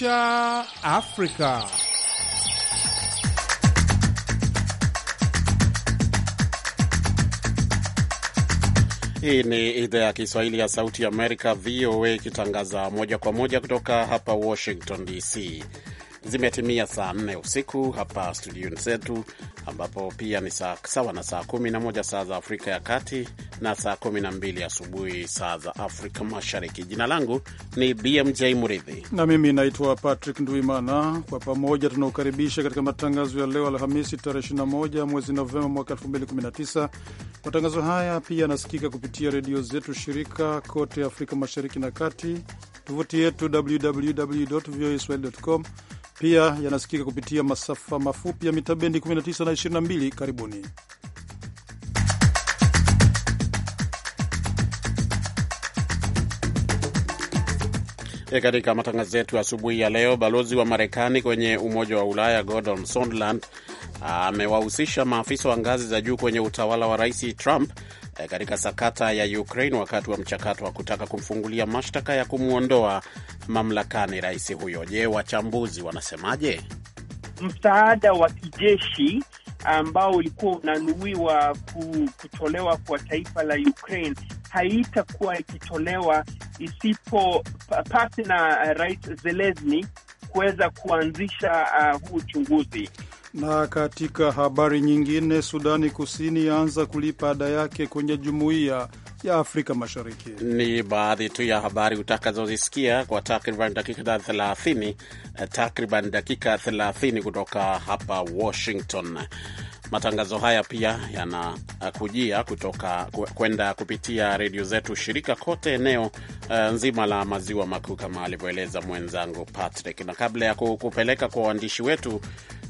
Kumekucha Afrika. Hii ni idhaa ya Kiswahili ya Sauti Amerika, VOA, ikitangaza moja kwa moja kutoka hapa Washington DC. Zimetimia saa nne usiku hapa studioni zetu, ambapo pia ni saa sawa na saa kumi na moja saa za Afrika ya Kati na saa 12 asubuhi saa za Afrika Mashariki. Jina langu ni BMJ Muridhi na mimi naitwa Patrick Nduimana. Kwa pamoja tunaokaribisha katika matangazo ya leo Alhamisi, tarehe 21 mwezi Novemba mwaka 2019. Matangazo haya pia yanasikika kupitia redio zetu shirika kote Afrika Mashariki na Kati, tovuti yetu www voa com pia yanasikika kupitia masafa mafupi ya mita bendi 19 na 22. Karibuni E, katika matangazo yetu asubuhi ya leo, balozi wa Marekani kwenye Umoja wa Ulaya Gordon Sondland amewahusisha maafisa wa ngazi za juu kwenye utawala wa Rais Trump e, katika sakata ya Ukraine wakati wa mchakato wa kutaka kumfungulia mashtaka ya kumwondoa mamlakani rais huyo. Je, wachambuzi wanasemaje? Msaada wa kijeshi ambao ulikuwa unanuiwa kutolewa kwa taifa la Ukraine haitakuwa ikitolewa isipo pasi na uh, Rais Zelensky kuweza kuanzisha uh, huu uchunguzi. Na katika habari nyingine, Sudani Kusini yaanza kulipa ada yake kwenye jumuiya ya Afrika Mashariki. Ni baadhi tu ya habari utakazozisikia kwa takriban dakika 30, eh, takriban dakika 30 kutoka hapa Washington. Matangazo haya pia yanakujia kutoka kwenda kupitia redio zetu shirika kote eneo uh, nzima la maziwa makuu kama alivyoeleza mwenzangu Patrick. Na kabla ya kupeleka kwa waandishi wetu,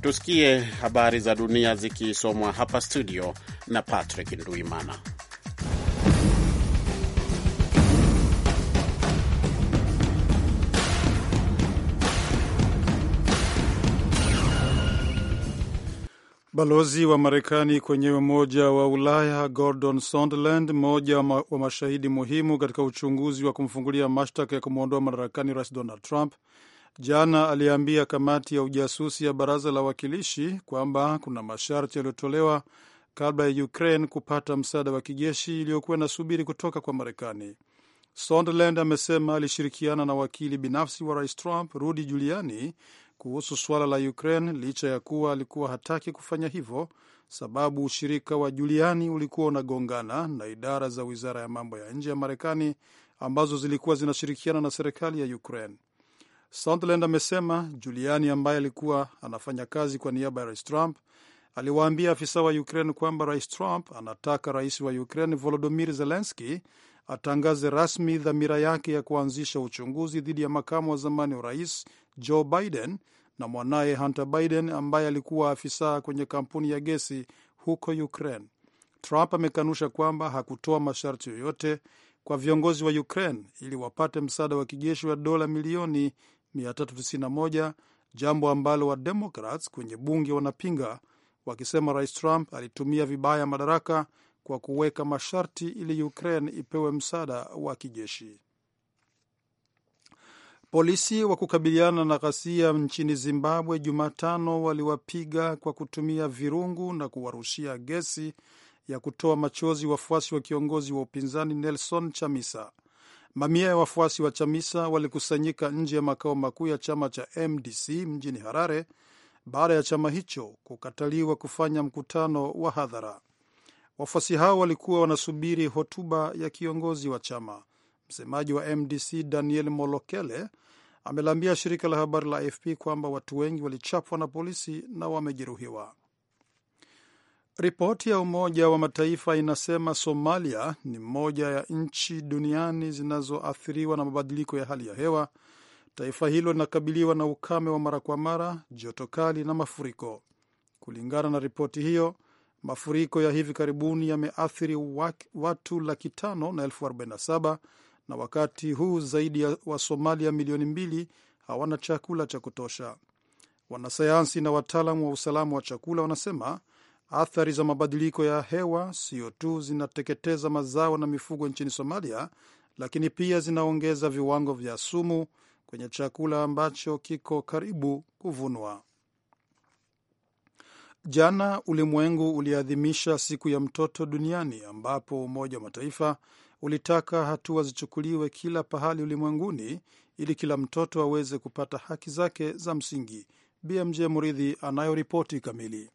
tusikie habari za dunia zikisomwa hapa studio na Patrick Nduimana. Balozi wa Marekani kwenye Umoja wa Ulaya Gordon Sondland, mmoja wa mashahidi muhimu katika uchunguzi wa kumfungulia mashtaka ya kumwondoa madarakani Rais Donald Trump, jana aliambia kamati ya ujasusi ya Baraza la Wawakilishi kwamba kuna masharti yaliyotolewa kabla ya Ukraine kupata msaada wa kijeshi iliyokuwa inasubiri kutoka kwa Marekani. Sondland amesema alishirikiana na wakili binafsi wa Rais Trump, Rudy Giuliani, kuhusu suala la Ukraine licha ya kuwa alikuwa hataki kufanya hivyo, sababu ushirika wa Juliani ulikuwa unagongana na idara za wizara ya mambo ya nje ya Marekani ambazo zilikuwa zinashirikiana na serikali ya Ukraine. Sondland amesema Juliani ambaye alikuwa anafanya kazi kwa niaba ya Rais Trump aliwaambia afisa wa Ukraine kwamba Rais Trump anataka rais wa Ukraine volodimir zelenski atangaze rasmi dhamira yake ya kuanzisha uchunguzi dhidi ya makamu wa zamani wa rais Joe Biden na mwanaye Hunter Biden ambaye alikuwa afisa kwenye kampuni ya gesi huko Ukraine. Trump amekanusha kwamba hakutoa masharti yoyote kwa viongozi wa Ukraine ili wapate msaada wa kijeshi wa dola milioni 391, jambo ambalo Wademokrats kwenye bunge wanapinga wakisema Rais Trump alitumia vibaya madaraka kwa kuweka masharti ili Ukraine ipewe msaada wa kijeshi. Polisi wa kukabiliana na ghasia nchini Zimbabwe Jumatano waliwapiga kwa kutumia virungu na kuwarushia gesi ya kutoa machozi wafuasi wa kiongozi wa upinzani Nelson Chamisa. Mamia ya wafuasi wa Chamisa walikusanyika nje ya makao makuu ya chama cha MDC mjini Harare baada ya chama hicho kukataliwa kufanya mkutano wa hadhara. Wafuasi hao walikuwa wanasubiri hotuba ya kiongozi wa chama. Msemaji wa MDC Daniel Molokele amelaambia shirika la habari la AFP kwamba watu wengi walichapwa na polisi na wamejeruhiwa. Ripoti ya Umoja wa Mataifa inasema Somalia ni moja ya nchi duniani zinazoathiriwa na mabadiliko ya hali ya hewa. Taifa hilo linakabiliwa na ukame wa mara kwa mara, joto kali na mafuriko. Kulingana na ripoti hiyo, mafuriko ya hivi karibuni yameathiri watu laki tano na elfu arobaini na saba na wakati huu zaidi ya Wasomalia milioni mbili hawana chakula cha kutosha. Wanasayansi na wataalamu wa usalama wa chakula wanasema athari za mabadiliko ya hewa sio tu zinateketeza mazao na mifugo nchini Somalia, lakini pia zinaongeza viwango vya sumu kwenye chakula ambacho kiko karibu kuvunwa. Jana ulimwengu uliadhimisha siku ya mtoto duniani, ambapo Umoja wa Mataifa ulitaka hatua zichukuliwe kila pahali ulimwenguni ili kila mtoto aweze kupata haki zake za msingi. BMJ Muridhi anayoripoti kamili.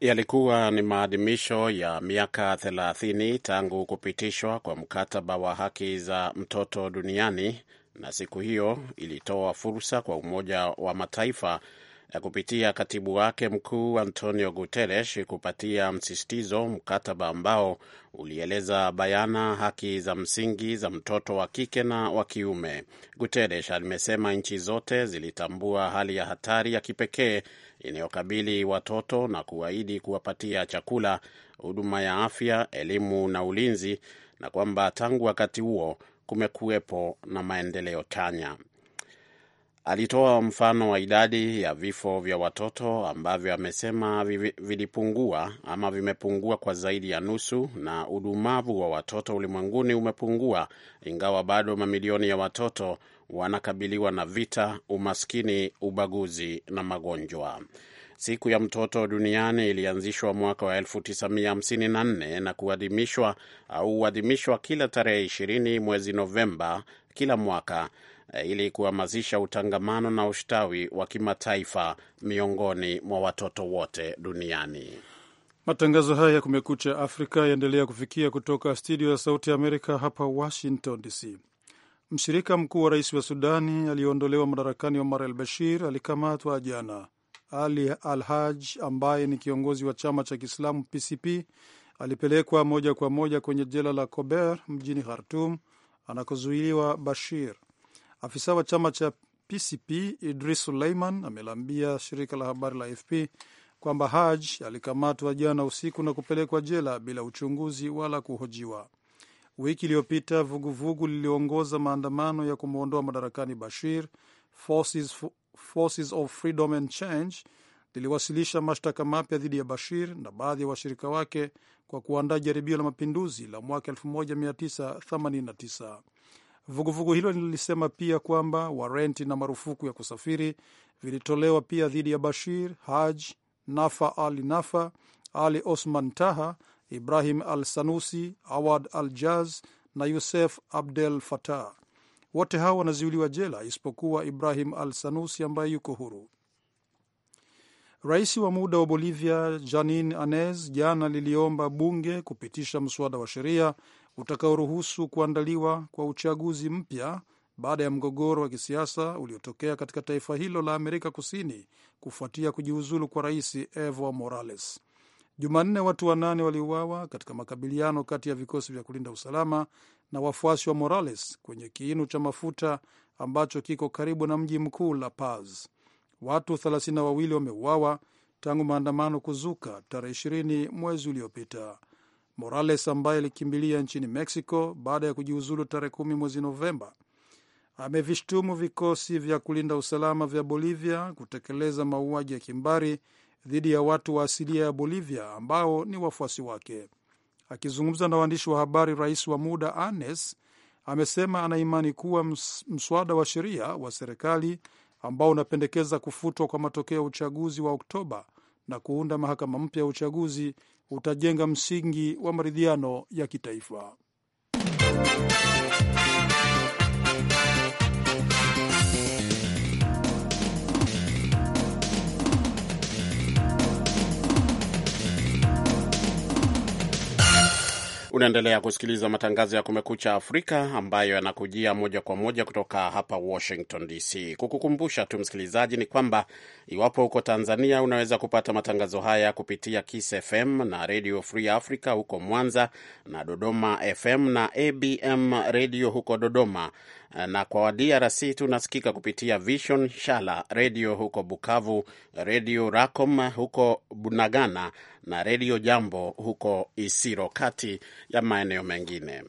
Yalikuwa ni maadhimisho ya miaka 30 tangu kupitishwa kwa mkataba wa haki za mtoto duniani, na siku hiyo ilitoa fursa kwa Umoja wa Mataifa kupitia katibu wake mkuu Antonio Guterres kupatia msisitizo mkataba ambao ulieleza bayana haki za msingi za mtoto wa kike na wa kiume. Guterres amesema nchi zote zilitambua hali ya hatari ya kipekee inayokabili watoto na kuahidi kuwapatia chakula, huduma ya afya, elimu na ulinzi, na kwamba tangu wakati huo kumekuwepo na maendeleo chanya. Alitoa mfano wa idadi ya vifo vya watoto ambavyo amesema vilipungua ama vimepungua kwa zaidi ya nusu, na udumavu wa watoto ulimwenguni umepungua, ingawa bado mamilioni ya watoto wanakabiliwa na vita, umaskini, ubaguzi na magonjwa. Siku ya mtoto duniani ilianzishwa mwaka wa 1954 na kuadhimishwa au huadhimishwa kila tarehe 20 mwezi Novemba kila mwaka ili kuhamasisha utangamano na ustawi wa kimataifa miongoni mwa watoto wote duniani. Matangazo haya ya Kumekucha Afrika yaendelea kufikia kutoka studio ya Sauti ya Amerika hapa Washington DC. Mshirika mkuu wa rais wa Sudani aliyeondolewa madarakani Omar al Bashir alikamatwa jana. Ali al Haj ambaye ni kiongozi wa chama cha Kiislamu PCP alipelekwa moja kwa moja kwenye jela la Kober mjini Khartum anakozuiliwa Bashir. Afisa wa chama cha PCP Idris Suleiman ameliambia shirika la habari la AFP kwamba Haj alikamatwa jana usiku na kupelekwa jela bila uchunguzi wala kuhojiwa. Wiki iliyopita vuguvugu liliongoza maandamano ya kumwondoa madarakani Bashir, Forces, Forces of Freedom and Change, liliwasilisha mashtaka mapya dhidi ya Bashir na baadhi ya wa washirika wake kwa kuandaa jaribio la mapinduzi la mwaka 1989. Vuguvugu hilo lilisema pia kwamba warenti na marufuku ya kusafiri vilitolewa pia dhidi ya Bashir Haj, Nafa Ali Nafa, Ali Osman Taha, Ibrahim Al Sanusi, Awad Al Jaz na Yusef Abdel Fatah. Wote hao wanazuiliwa jela isipokuwa Ibrahim Al Sanusi ambaye yuko huru. Rais wa muda wa Bolivia Janin Anez jana liliomba bunge kupitisha mswada wa sheria utakaoruhusu kuandaliwa kwa uchaguzi mpya baada ya mgogoro wa kisiasa uliotokea katika taifa hilo la Amerika Kusini kufuatia kujiuzulu kwa rais Evo Morales. Jumanne, watu wanane waliuawa katika makabiliano kati ya vikosi vya kulinda usalama na wafuasi wa Morales kwenye kiinu cha mafuta ambacho kiko karibu na mji mkuu La Paz. Watu wawili wameuawa tangu maandamano kuzuka tarehe 20 mwezi uliopita. Morales ambaye alikimbilia nchini Mexico baada ya kujiuzulu tarehe kumi mwezi Novemba amevishtumu vikosi vya kulinda usalama vya Bolivia kutekeleza mauaji ya kimbari dhidi ya watu wa asilia ya Bolivia ambao ni wafuasi wake. Akizungumza na waandishi wa habari, rais wa muda Anes amesema anaimani kuwa mswada wa sheria wa serikali ambao unapendekeza kufutwa kwa matokeo ya uchaguzi wa Oktoba na kuunda mahakama mpya ya uchaguzi utajenga msingi wa maridhiano ya kitaifa. Unaendelea kusikiliza matangazo ya Kumekucha Afrika ambayo yanakujia moja kwa moja kutoka hapa Washington DC. Kukukumbusha tu msikilizaji, ni kwamba iwapo huko Tanzania unaweza kupata matangazo haya kupitia Kiss FM na Radio Free Africa huko Mwanza na Dodoma FM na ABM Radio huko Dodoma, na kwa DRC tunasikika kupitia Vision Shala Radio huko Bukavu, Radio Racom huko Bunagana na Redio Jambo huko Isiro, kati ya maeneo mengine.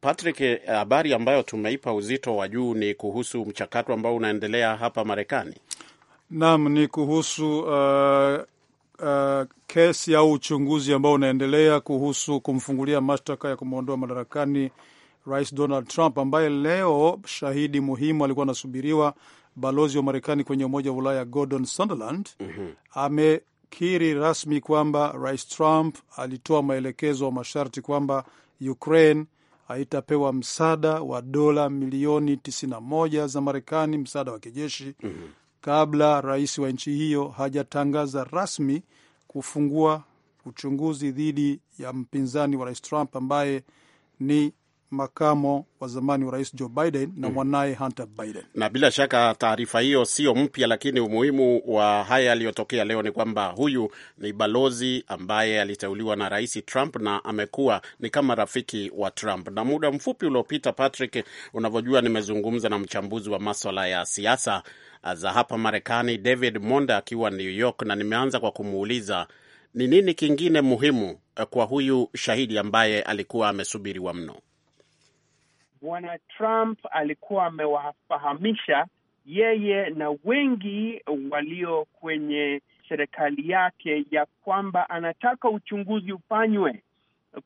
Patrick, habari ambayo tumeipa uzito wa juu ni kuhusu mchakato ambao unaendelea hapa Marekani. Naam, ni kuhusu uh, uh, kesi au uchunguzi ambao unaendelea kuhusu kumfungulia mashtaka ya kumwondoa madarakani Rais Donald Trump, ambaye leo shahidi muhimu alikuwa anasubiriwa, balozi wa Marekani kwenye Umoja wa Ulaya Gordon Sunderland mm -hmm. ame kiri rasmi kwamba Rais Trump alitoa maelekezo wa masharti kwamba Ukraine haitapewa msaada wa dola milioni 91 za Marekani, msaada wa kijeshi mm -hmm. kabla rais wa nchi hiyo hajatangaza rasmi kufungua uchunguzi dhidi ya mpinzani wa Rais Trump ambaye ni makamo wa zamani wa rais Joe Biden na mm. mwanaye Hunter Biden. Na bila shaka taarifa hiyo sio mpya, lakini umuhimu wa haya yaliyotokea leo ni kwamba huyu ni balozi ambaye aliteuliwa na rais Trump na amekuwa ni kama rafiki wa Trump. Na muda mfupi uliopita, Patrick, unavyojua, nimezungumza na mchambuzi wa maswala ya siasa uh, za hapa Marekani, David Monda akiwa New York, na nimeanza kwa kumuuliza ni nini kingine muhimu uh, kwa huyu shahidi ambaye alikuwa amesubiriwa mno bwana Trump alikuwa amewafahamisha yeye na wengi walio kwenye serikali yake ya kwamba anataka uchunguzi ufanywe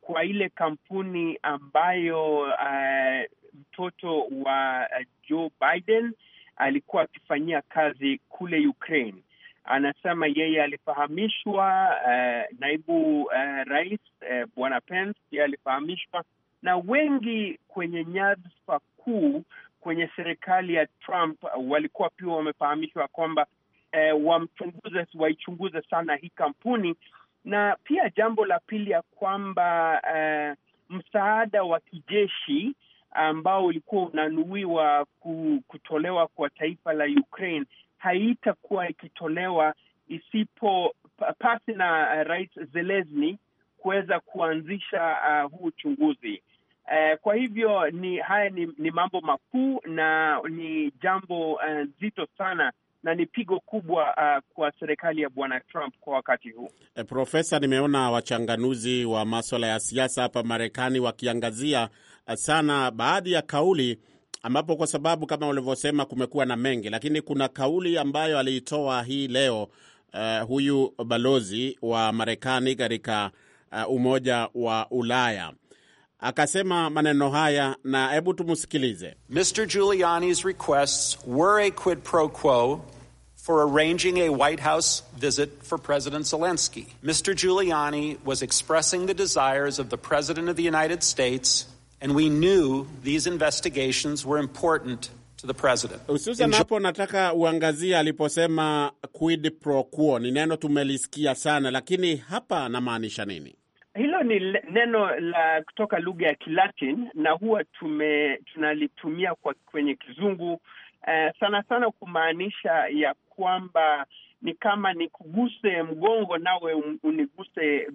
kwa ile kampuni ambayo uh, mtoto wa Joe Biden alikuwa akifanyia kazi kule Ukraine. Anasema yeye alifahamishwa, uh, naibu uh, rais uh, bwana Pence pia alifahamishwa na wengi kwenye nyadhifa kuu kwenye serikali ya Trump uh, walikuwa pia wamefahamishwa kwamba eh, wamchunguze, waichunguze sana hii kampuni, na pia jambo la pili ya kwamba eh, msaada wa kijeshi ambao ulikuwa unanuiwa kutolewa kwa taifa la Ukraine haitakuwa ikitolewa isipo pasi na eh, Rais Zelensky kuweza kuanzisha uh, huu uchunguzi. Eh, kwa hivyo ni haya ni, ni mambo makuu na ni jambo eh, nzito uh, sana na ni pigo kubwa uh, kwa serikali ya bwana Trump kwa wakati huu. E, Profesa, nimeona wachanganuzi wa maswala ya siasa hapa Marekani wakiangazia sana baadhi ya kauli ambapo kwa sababu kama ulivyosema kumekuwa na mengi, lakini kuna kauli ambayo aliitoa hii leo uh, huyu balozi wa Marekani katika uh, Umoja wa Ulaya akasema maneno haya, na hebu tumsikilize. Mr Giuliani's requests were a quid pro quo for arranging a White House visit for President Zelensky. Mr Giuliani was expressing the desires of the President of the United States and we knew these investigations were important to the president. Hususan hapo nataka uangazie aliposema quid pro quo, ni neno tumelisikia sana, lakini hapa anamaanisha nini? Hilo ni neno la kutoka lugha ya Kilatin na huwa tume, tunalitumia kwa kwenye kizungu eh, sana sana kumaanisha ya kwamba ni kama nikuguse mgongo nawe uniguse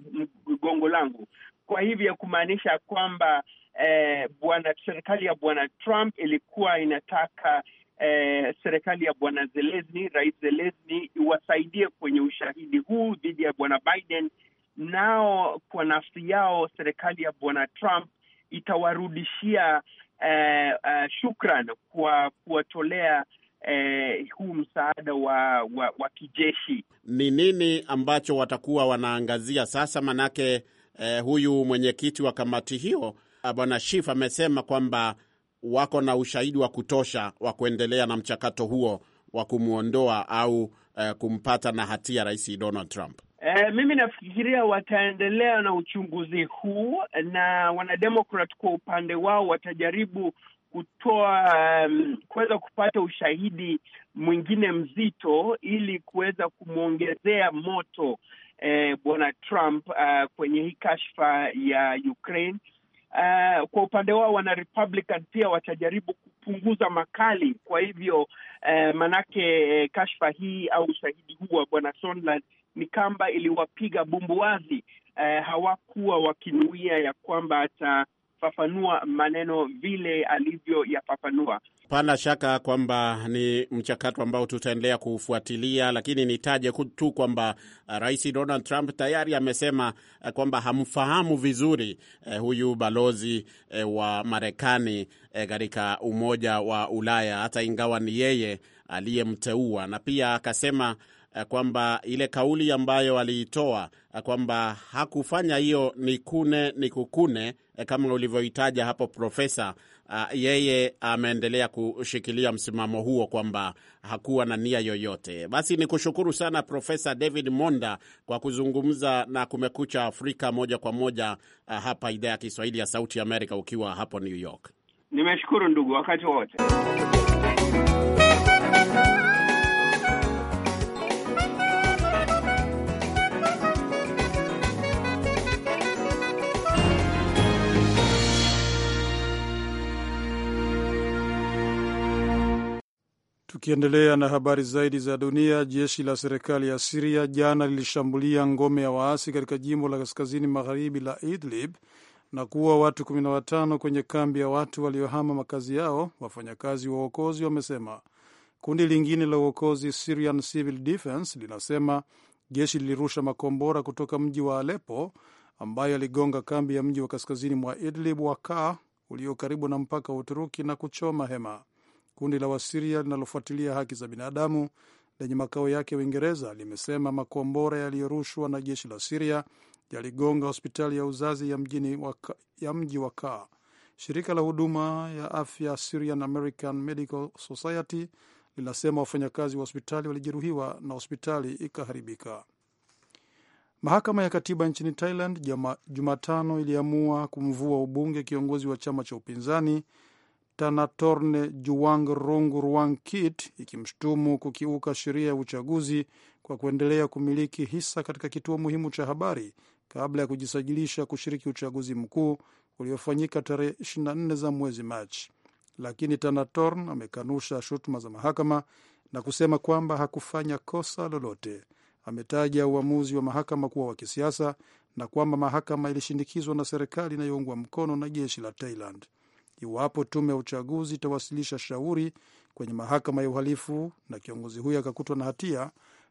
mgongo langu. Kwa hivyo kumaanisha kwamba eh, bwana serikali ya bwana Trump ilikuwa inataka eh, serikali ya bwana Zelensky, rais Zelensky iwasaidie kwenye ushahidi huu dhidi ya bwana Biden nao kwa nafsi yao serikali ya bwana Trump itawarudishia eh, eh, shukran kwa kuwatolea eh, huu msaada wa, wa, wa kijeshi. Ni nini ambacho watakuwa wanaangazia sasa? Manake eh, huyu mwenyekiti wa kamati hiyo eh, bwana shif amesema kwamba wako na ushahidi wa kutosha wa kuendelea na mchakato huo wa kumwondoa au eh, kumpata na hatia rais Donald Trump. E, mimi nafikiria wataendelea na uchunguzi huu na wanademokrat kwa upande wao watajaribu kutoa um, kuweza kupata ushahidi mwingine mzito ili kuweza kumwongezea moto eh, bwana Trump uh, kwenye hii kashfa ya Ukraine. Uh, kwa upande wao wana Republican pia watajaribu kupunguza makali. Kwa hivyo uh, manake kashfa hii au ushahidi huu wa bwana Sondland ni kamba iliwapiga bumbuazi. Eh, hawakuwa wakinuia ya kwamba atafafanua maneno vile alivyoyafafanua. Pana shaka kwamba ni mchakato ambao tutaendelea kufuatilia lakini nitaje tu kwamba eh, Rais Donald Trump tayari amesema eh, kwamba hamfahamu vizuri eh, huyu balozi eh, wa Marekani eh, katika eh, Umoja wa Ulaya, hata ingawa ni yeye aliyemteua, na pia akasema Eh, kwamba ile kauli ambayo aliitoa eh, kwamba hakufanya hiyo ni kune ni kukune eh, kama ulivyohitaja hapo profesa. yeye ameendelea kushikilia msimamo huo kwamba hakuwa na nia yoyote. Basi ni kushukuru sana Profesa David Monda kwa kuzungumza na Kumekucha Afrika moja kwa moja, hapa idhaa ya Kiswahili ya Sauti Amerika ukiwa hapo New York. Nimeshukuru ndugu, wakati wote Tukiendelea na habari zaidi za dunia, jeshi la serikali ya Siria jana lilishambulia ngome ya waasi katika jimbo la kaskazini magharibi la Idlib na kuua watu 15 kwenye kambi ya watu waliohama makazi yao, wafanyakazi wa uokozi wamesema. Kundi lingine la uokozi Syrian Civil Defense linasema jeshi lilirusha makombora kutoka mji wa Alepo ambayo aligonga kambi ya mji wa kaskazini mwa Idlib wa ka ulio karibu na mpaka wa Uturuki na kuchoma hema. Kundi la Wasiria linalofuatilia haki za binadamu lenye makao yake Uingereza limesema makombora yaliyorushwa na jeshi la Siria yaligonga hospitali ya uzazi ya, mjini waka, ya mji wa Kaa. Shirika la huduma ya afya Syrian American Medical Society linasema wafanyakazi wa hospitali walijeruhiwa na hospitali ikaharibika. Mahakama ya katiba nchini Thailand Jumatano iliamua kumvua ubunge kiongozi wa chama cha upinzani Tanatorne juang Rung kit ikimshutumu kukiuka sheria ya uchaguzi kwa kuendelea kumiliki hisa katika kituo muhimu cha habari kabla ya kujisajilisha kushiriki uchaguzi mkuu uliofanyika tarehe 24 za mwezi Machi. Lakini Tanatorn amekanusha shutuma za mahakama na kusema kwamba hakufanya kosa lolote. Ametaja uamuzi wa mahakama kuwa wa kisiasa na kwamba mahakama ilishindikizwa na serikali inayoungwa mkono na jeshi la Thailand iwapo tume ya uchaguzi itawasilisha shauri kwenye mahakama ya uhalifu na kiongozi huyo akakutwa na hatia,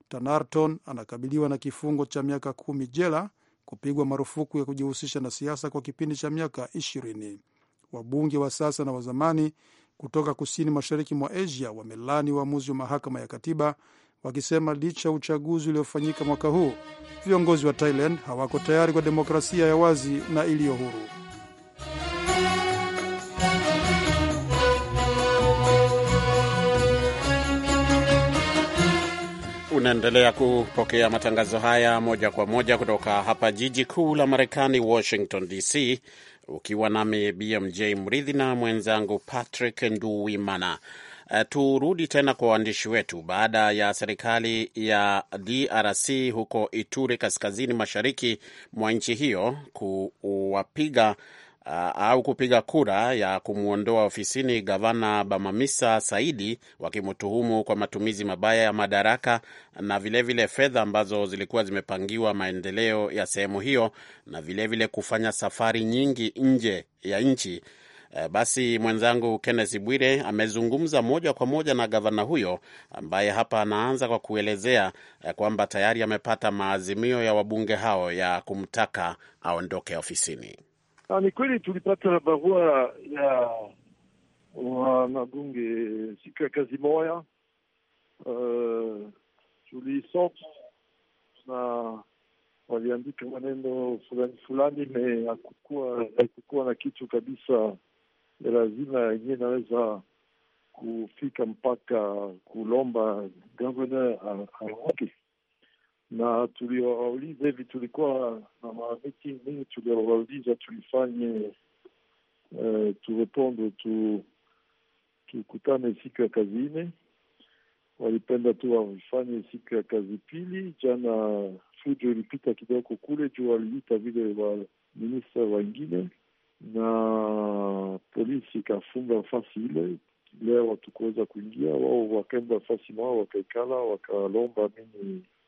Tanarton anakabiliwa na kifungo cha miaka kumi jela, kupigwa marufuku ya kujihusisha na siasa kwa kipindi cha miaka ishirini. Wabunge wa sasa na wazamani kutoka kusini mashariki mwa Asia wamelani uamuzi wa mahakama ya katiba wakisema licha ya uchaguzi uliofanyika mwaka huu, viongozi wa Thailand hawako tayari kwa demokrasia ya wazi na iliyo huru. Unaendelea kupokea matangazo haya moja kwa moja kutoka hapa jiji kuu la Marekani, Washington DC, ukiwa nami BMJ Mridhi na mwenzangu Patrick Nduwimana. Uh, turudi tena kwa waandishi wetu baada ya serikali ya DRC huko Ituri, kaskazini mashariki mwa nchi hiyo, kuwapiga uh, au kupiga kura ya kumwondoa ofisini gavana Bamamisa Saidi wakimtuhumu kwa matumizi mabaya ya madaraka na vilevile fedha ambazo zilikuwa zimepangiwa maendeleo ya sehemu hiyo na vilevile vile kufanya safari nyingi nje ya nchi. Uh, basi mwenzangu Kennes Bwire amezungumza moja kwa moja na gavana huyo ambaye hapa anaanza kwa kuelezea uh, kwamba tayari amepata maazimio ya wabunge hao ya kumtaka aondoke ofisini. Na ah, ni kweli tulipata barua ya wanabunge siku ya kazi moya, uh, eh, tuliisoma na waliandika maneno fulani fulani, me akukuwa na kitu kabisa ya lazima yenye inaweza kufika mpaka kulomba governor aondoke na tuliwauliza hivi, tulikuwa na mamiti nini, tuliwauliza tulifanye eh, tu, tukutane siku ya kazi ine. Walipenda tu wavifanye siku ya kazi pili. Jana fujo ilipita kidogo kule juu, waliita vile wa ministre wengine na polisi ikafunga fasi ile leo, watukuweza kuingia. Wao wakaenda fasi mao wakaikala, wakalomba mini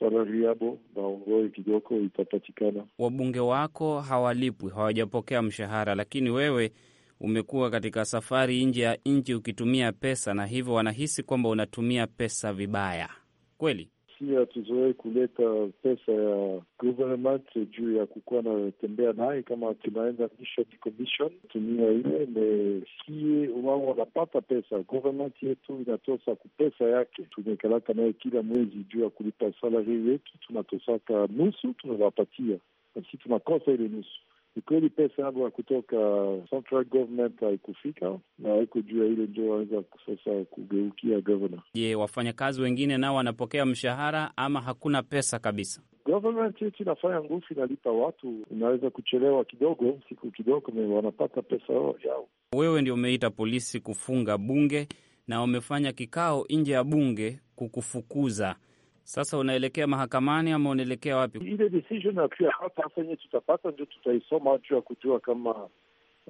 swala riabo na Ongoe kidogo itapatikana. Wabunge wako hawalipwi, hawajapokea mshahara, lakini wewe umekuwa katika safari nje ya nchi ukitumia pesa, na hivyo wanahisi kwamba unatumia pesa vibaya. Kweli pia tuzoee kuleta pesa ya government juu ya kukuwa natembea naye kama tunaenda mission commission tumia ile me sie wao wanapata pesa, government yetu inatosa pesa yake. Tumekalaka naye kila mwezi juu ya kulipa salari yetu, tunatosaka nusu tunawapatia, nasi tunakosa ile nusu ni kweli pesa yangu kutoka central government haikufika na haikujua, ile ndio waweza sasa kugeukia governor. Je, wafanyakazi wengine nao wanapokea mshahara ama hakuna pesa kabisa? Government yetu inafanya nguvu, inalipa watu, inaweza kuchelewa kidogo, siku kidogo, wanapata pesa yao. Wewe ndio umeita polisi kufunga bunge na wamefanya kikao nje ya bunge kukufukuza sasa unaelekea mahakamani ama unaelekea wapi? Ile decision akiwa hapa yenye tutapata ndio tutaisoma juu ya kujua kama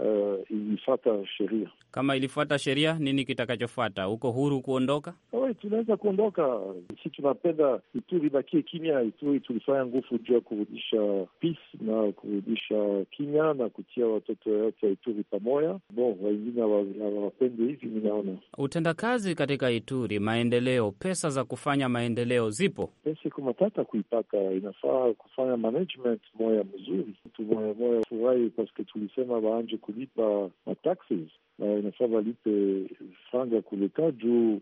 uh, ilifuata sheria. Kama ilifuata sheria, nini kitakachofuata? Uko huru kuondoka? tunaweza kuondoka. Si tunapenda Ituri ibakie kimya. Ituri tulifanya nguvu juu ya kurudisha peace na kurudisha kimya na kutia watoto yote ya Ituri pamoja. Bo, wengine hawapendi hivi, ninaona utendakazi katika Ituri, maendeleo, pesa za kufanya maendeleo zipo, pesa iko matata kuipata. Inafaa kufanya management moya mzuri, tumoyamoya furahi paske tulisema waanje ku kulipa mataxes uh, na inafaa walipe franga kuleta juu uh,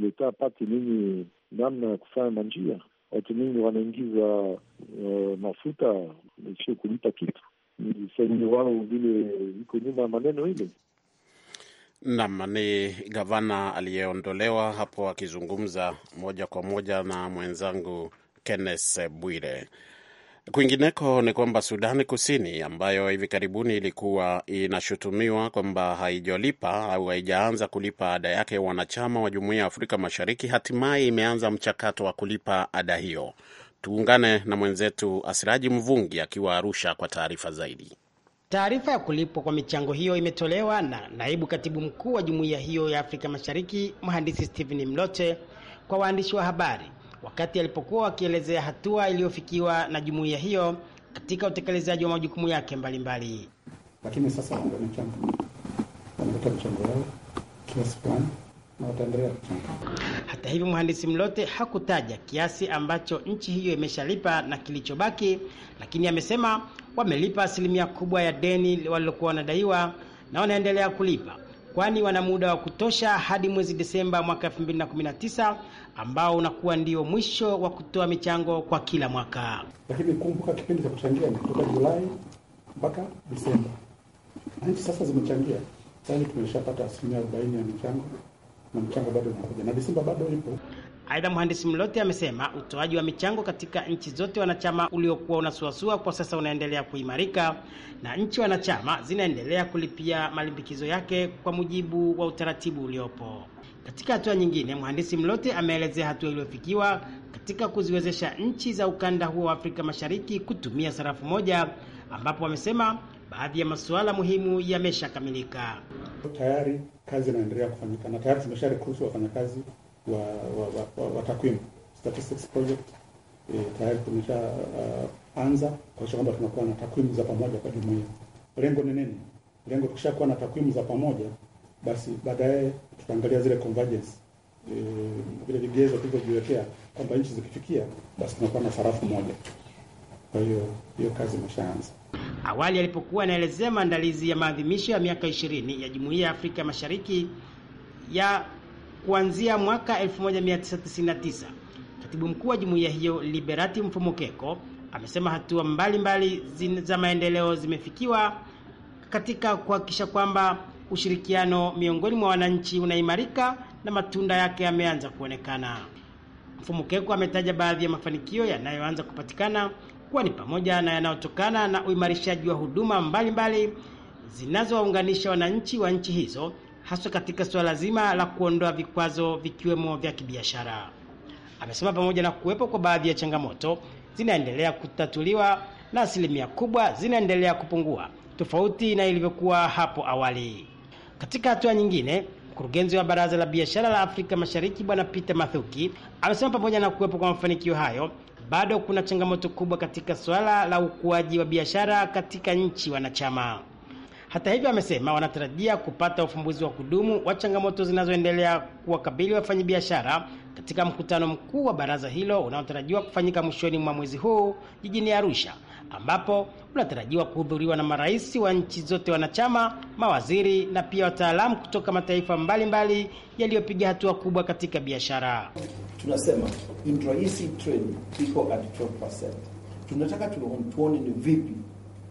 leta apate nini namna ya kufanya manjia. Watu mingi wanaingiza uh, mafuta sio kulipa kitu, ni wao vile iko nyuma ya maneno ile. nam ni gavana aliyeondolewa hapo akizungumza moja kwa moja na mwenzangu kennes Bwire. Kwingineko ni kwamba Sudani Kusini, ambayo hivi karibuni ilikuwa inashutumiwa kwamba haijalipa au haijaanza kulipa ada yake wanachama wa Jumuiya ya Afrika Mashariki, hatimaye imeanza mchakato wa kulipa ada hiyo. Tuungane na mwenzetu Asiraji Mvungi akiwa Arusha kwa taarifa zaidi. Taarifa ya kulipwa kwa michango hiyo imetolewa na naibu katibu mkuu wa jumuiya hiyo ya Afrika Mashariki, mhandisi Stephen Mlote, kwa waandishi wa habari wakati alipokuwa akielezea hatua iliyofikiwa na jumuiya hiyo katika utekelezaji wa majukumu yake mbalimbali. Lakini sasa wameleta mchango yao kiasi fulani na wataendelea kuchanga. Hata hivyo, mhandisi Mlote hakutaja kiasi ambacho nchi hiyo imeshalipa na kilichobaki, lakini amesema wamelipa asilimia kubwa ya deni walilokuwa wanadaiwa na wanaendelea kulipa kwani wana muda wa kutosha hadi mwezi Desemba mwaka 2019 ambao unakuwa ndio mwisho wa kutoa michango kwa kila mwaka. Lakini kumbuka kipindi cha kuchangia ni kutoka Julai mpaka Desemba. Nchi sasa zimechangia sasa, tumeshapata asilimia 40 ya michango na mchango bado unakuja na Desemba bado ipo. Aidha, mhandisi Mlote amesema utoaji wa michango katika nchi zote wanachama uliokuwa unasuasua kwa sasa unaendelea kuimarika na nchi wanachama zinaendelea kulipia malimbikizo yake kwa mujibu wa utaratibu uliopo. Katika hatua nyingine, mhandisi Mlote ameelezea hatua iliyofikiwa katika kuziwezesha nchi za ukanda huo wa Afrika Mashariki kutumia sarafu moja, ambapo wamesema baadhi ya masuala muhimu yameshakamilika tayari. Kazi inaendelea kufanyika na tayari tumesha wafanyakazi wa, wa, wa, wa, wa takwimu statistics project e, tayari tumesha uh, anza kuhakikisha kwamba tunakuwa na takwimu za pamoja kwa jumuiya. Lengo ni nini? Lengo tukishakuwa na takwimu za pamoja, basi baadaye tutaangalia zile convergence e, vile vigezo tulivyojiwekea kwamba nchi zikifikia, basi tunakuwa na sarafu moja. Kwa hiyo hiyo kazi imeshaanza. Awali alipokuwa anaelezea maandalizi ya maadhimisho ya miaka ishirini ya Jumuiya ya Afrika Mashariki ya kuanzia mwaka 1999. Katibu mkuu wa jumuiya hiyo Liberati Mfumukeko amesema hatua mbalimbali za maendeleo zimefikiwa katika kuhakikisha kwamba ushirikiano miongoni mwa wananchi unaimarika na matunda yake yameanza kuonekana. Mfumukeko ametaja baadhi ya mafanikio yanayoanza kupatikana kuwa ni pamoja na yanayotokana na uimarishaji wa huduma mbalimbali zinazowaunganisha wananchi wa nchi hizo haswa katika suala zima la kuondoa vikwazo vikiwemo vya kibiashara. Amesema pamoja na kuwepo kwa baadhi ya changamoto zinaendelea kutatuliwa na asilimia kubwa zinaendelea kupungua tofauti na ilivyokuwa hapo awali. Katika hatua nyingine, mkurugenzi wa Baraza la Biashara la Afrika Mashariki Bwana Peter Mathuki amesema pamoja na kuwepo kwa mafanikio hayo bado kuna changamoto kubwa katika suala la ukuaji wa biashara katika nchi wanachama. Hata hivyo, amesema wanatarajia kupata ufumbuzi wa kudumu wa changamoto zinazoendelea kuwakabili wafanyabiashara katika mkutano mkuu wa baraza hilo unaotarajiwa kufanyika mwishoni mwa mwezi huu jijini Arusha, ambapo unatarajiwa kuhudhuriwa na marais wa nchi zote wanachama, mawaziri na pia wataalamu kutoka mataifa mbalimbali yaliyopiga hatua kubwa katika biashara. Tunasema intra-EC trade iko at 12%. Tunataka tuone ni vipi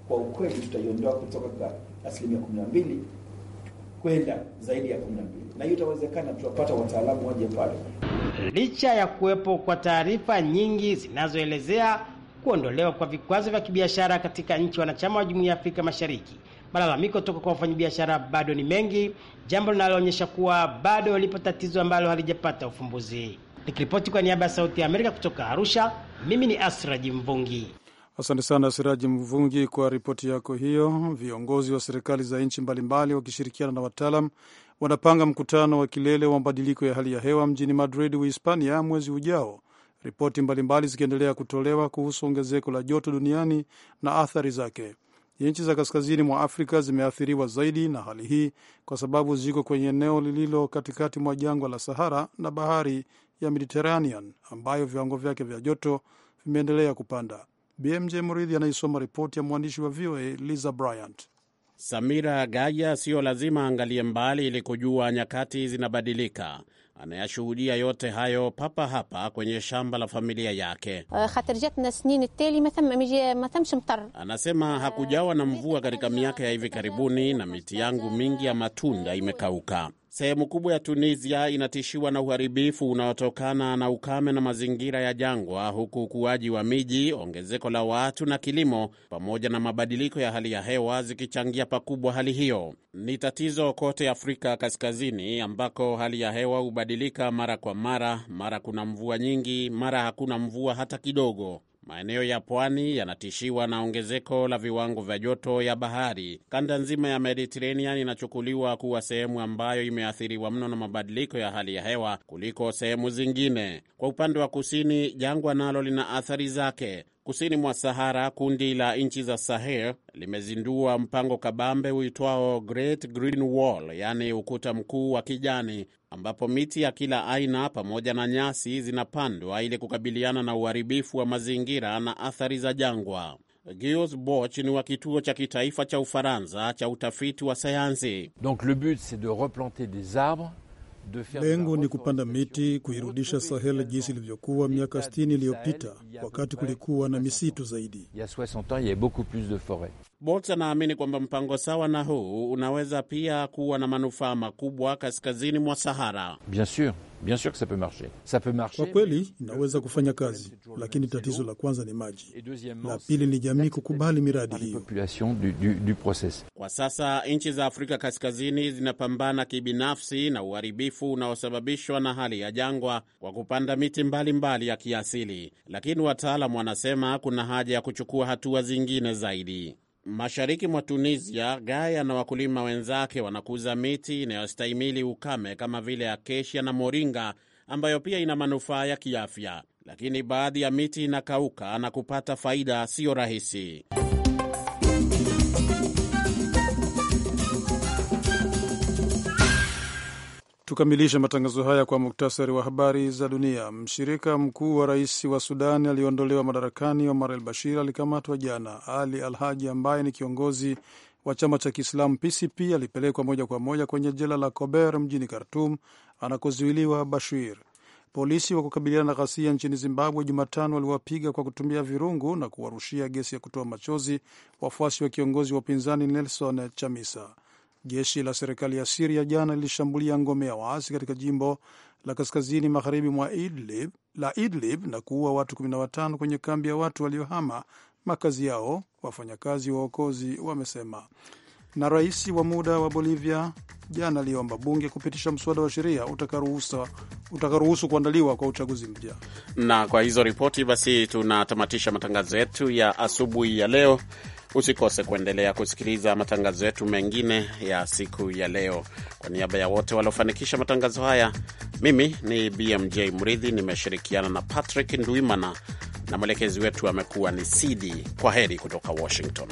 kwa ukweli tutaiondoa kutoka kwa asilimia 12 kwenda zaidi ya 12, na hiyo itawezekana. Tutapata wataalamu waje pale. Licha ya kuwepo kwa taarifa nyingi zinazoelezea kuondolewa kwa vikwazo vya kibiashara katika nchi wanachama wa Jumuiya ya Afrika Mashariki, malalamiko toka kwa wafanyabiashara bado ni mengi, jambo linaloonyesha kuwa bado lipo tatizo ambalo halijapata ufumbuzi. Nikiripoti kwa niaba ya Sauti ya Amerika kutoka Arusha, mimi ni Asra Jimvungi. Asante sana Siraji Mvungi kwa ripoti yako hiyo. Viongozi wa serikali za nchi mbalimbali wakishirikiana na wataalam wanapanga mkutano wa kilele wa mabadiliko ya hali ya hewa mjini Madrid, Uhispania, mwezi ujao, ripoti mbalimbali zikiendelea kutolewa kuhusu ongezeko la joto duniani na athari zake. Nchi za kaskazini mwa Afrika zimeathiriwa zaidi na hali hii kwa sababu ziko kwenye eneo lililo katikati mwa jangwa la Sahara na bahari ya Mediterranean ambayo viwango vyake vya joto vimeendelea kupanda. BMJ Mridhi anaisoma ripoti ya mwandishi wa VOA Liza Bryant. Samira Gaya siyo lazima aangalie mbali ili kujua nyakati zinabadilika. Anayashuhudia yote hayo papa hapa kwenye shamba la familia yake. Eh, eh, Anasema eh, hakujawa na mvua katika miaka ya hivi karibuni, na miti yangu mingi ya matunda imekauka. Sehemu kubwa ya Tunisia inatishiwa na uharibifu unaotokana na ukame na mazingira ya jangwa, huku ukuaji wa miji, ongezeko la watu na kilimo, pamoja na mabadiliko ya hali ya hewa zikichangia pakubwa hali hiyo. Ni tatizo kote Afrika Kaskazini, ambako hali ya hewa hubadilika mara kwa mara, mara kuna mvua nyingi, mara hakuna mvua hata kidogo. Maeneo ya pwani yanatishiwa na ongezeko la viwango vya joto ya bahari. Kanda nzima ya Mediterranean inachukuliwa kuwa sehemu ambayo imeathiriwa mno na mabadiliko ya hali ya hewa kuliko sehemu zingine. Kwa upande wa kusini, jangwa nalo lina athari zake. Kusini mwa Sahara, kundi la nchi za Sahel limezindua mpango kabambe uitwao Great Green Wall, yaani ukuta mkuu wa kijani, ambapo miti ya kila aina pamoja na nyasi zinapandwa ili kukabiliana na uharibifu wa mazingira na athari za jangwa. Gios Boch ni wa kituo cha kitaifa cha Ufaransa cha utafiti wa sayansi. Donc le but c'est de replanter des arbres Lengo ni kupanda miti, kuirudisha Sahel jinsi ilivyokuwa miaka 60 iliyopita, wakati kulikuwa na misitu zaidi. Bolt anaamini kwamba mpango sawa na huu unaweza pia kuwa na manufaa makubwa kaskazini mwa Sahara. Bien Bien sûr que ça peut marcher. Ça peut marcher. Kwa kweli inaweza kufanya kazi, lakini tatizo la kwanza ni maji, la pili ni jamii kukubali miradi hiyo. Kwa sasa nchi za Afrika Kaskazini zinapambana kibinafsi na uharibifu unaosababishwa na hali ya jangwa kwa kupanda miti mbalimbali mbali ya kiasili, lakini wataalamu wanasema kuna haja ya kuchukua hatua zingine zaidi. Mashariki mwa Tunisia, Gaya na wakulima wenzake wanakuza miti inayostahimili ukame kama vile acacia na moringa, ambayo pia ina manufaa ya kiafya, lakini baadhi ya miti inakauka na kupata faida siyo rahisi. Tukamilishe matangazo haya kwa muktasari wa habari za dunia. Mshirika mkuu wa rais wa Sudan aliyeondolewa madarakani Omar Al Bashir alikamatwa jana. Ali Al Haji ambaye ni kiongozi wa chama cha Kiislamu PCP alipelekwa moja kwa moja kwenye jela la Kober mjini Khartum anakozuiliwa Bashir. Polisi wa kukabiliana na ghasia nchini Zimbabwe Jumatano waliwapiga kwa kutumia virungu na kuwarushia gesi ya kutoa machozi wafuasi wa kiongozi wa upinzani Nelson Chamisa. Jeshi la serikali ya Siria jana lilishambulia ngome ya waasi katika jimbo la kaskazini magharibi mwa Idlib, la Idlib na kuua watu 15 kwenye kambi ya watu waliohama makazi yao, wafanyakazi wa uokozi wamesema. Na rais wa muda wa Bolivia jana aliomba bunge kupitisha mswada wa sheria utakaruhusu kuandaliwa kwa uchaguzi mpya. Na kwa hizo ripoti, basi tunatamatisha matangazo yetu ya asubuhi ya leo. Usikose kuendelea kusikiliza matangazo yetu mengine ya siku ya leo. Kwa niaba ya wote waliofanikisha matangazo haya, mimi ni BMJ Mridhi, nimeshirikiana na Patrick Ndwimana na mwelekezi wetu amekuwa ni CD. Kwa heri kutoka Washington.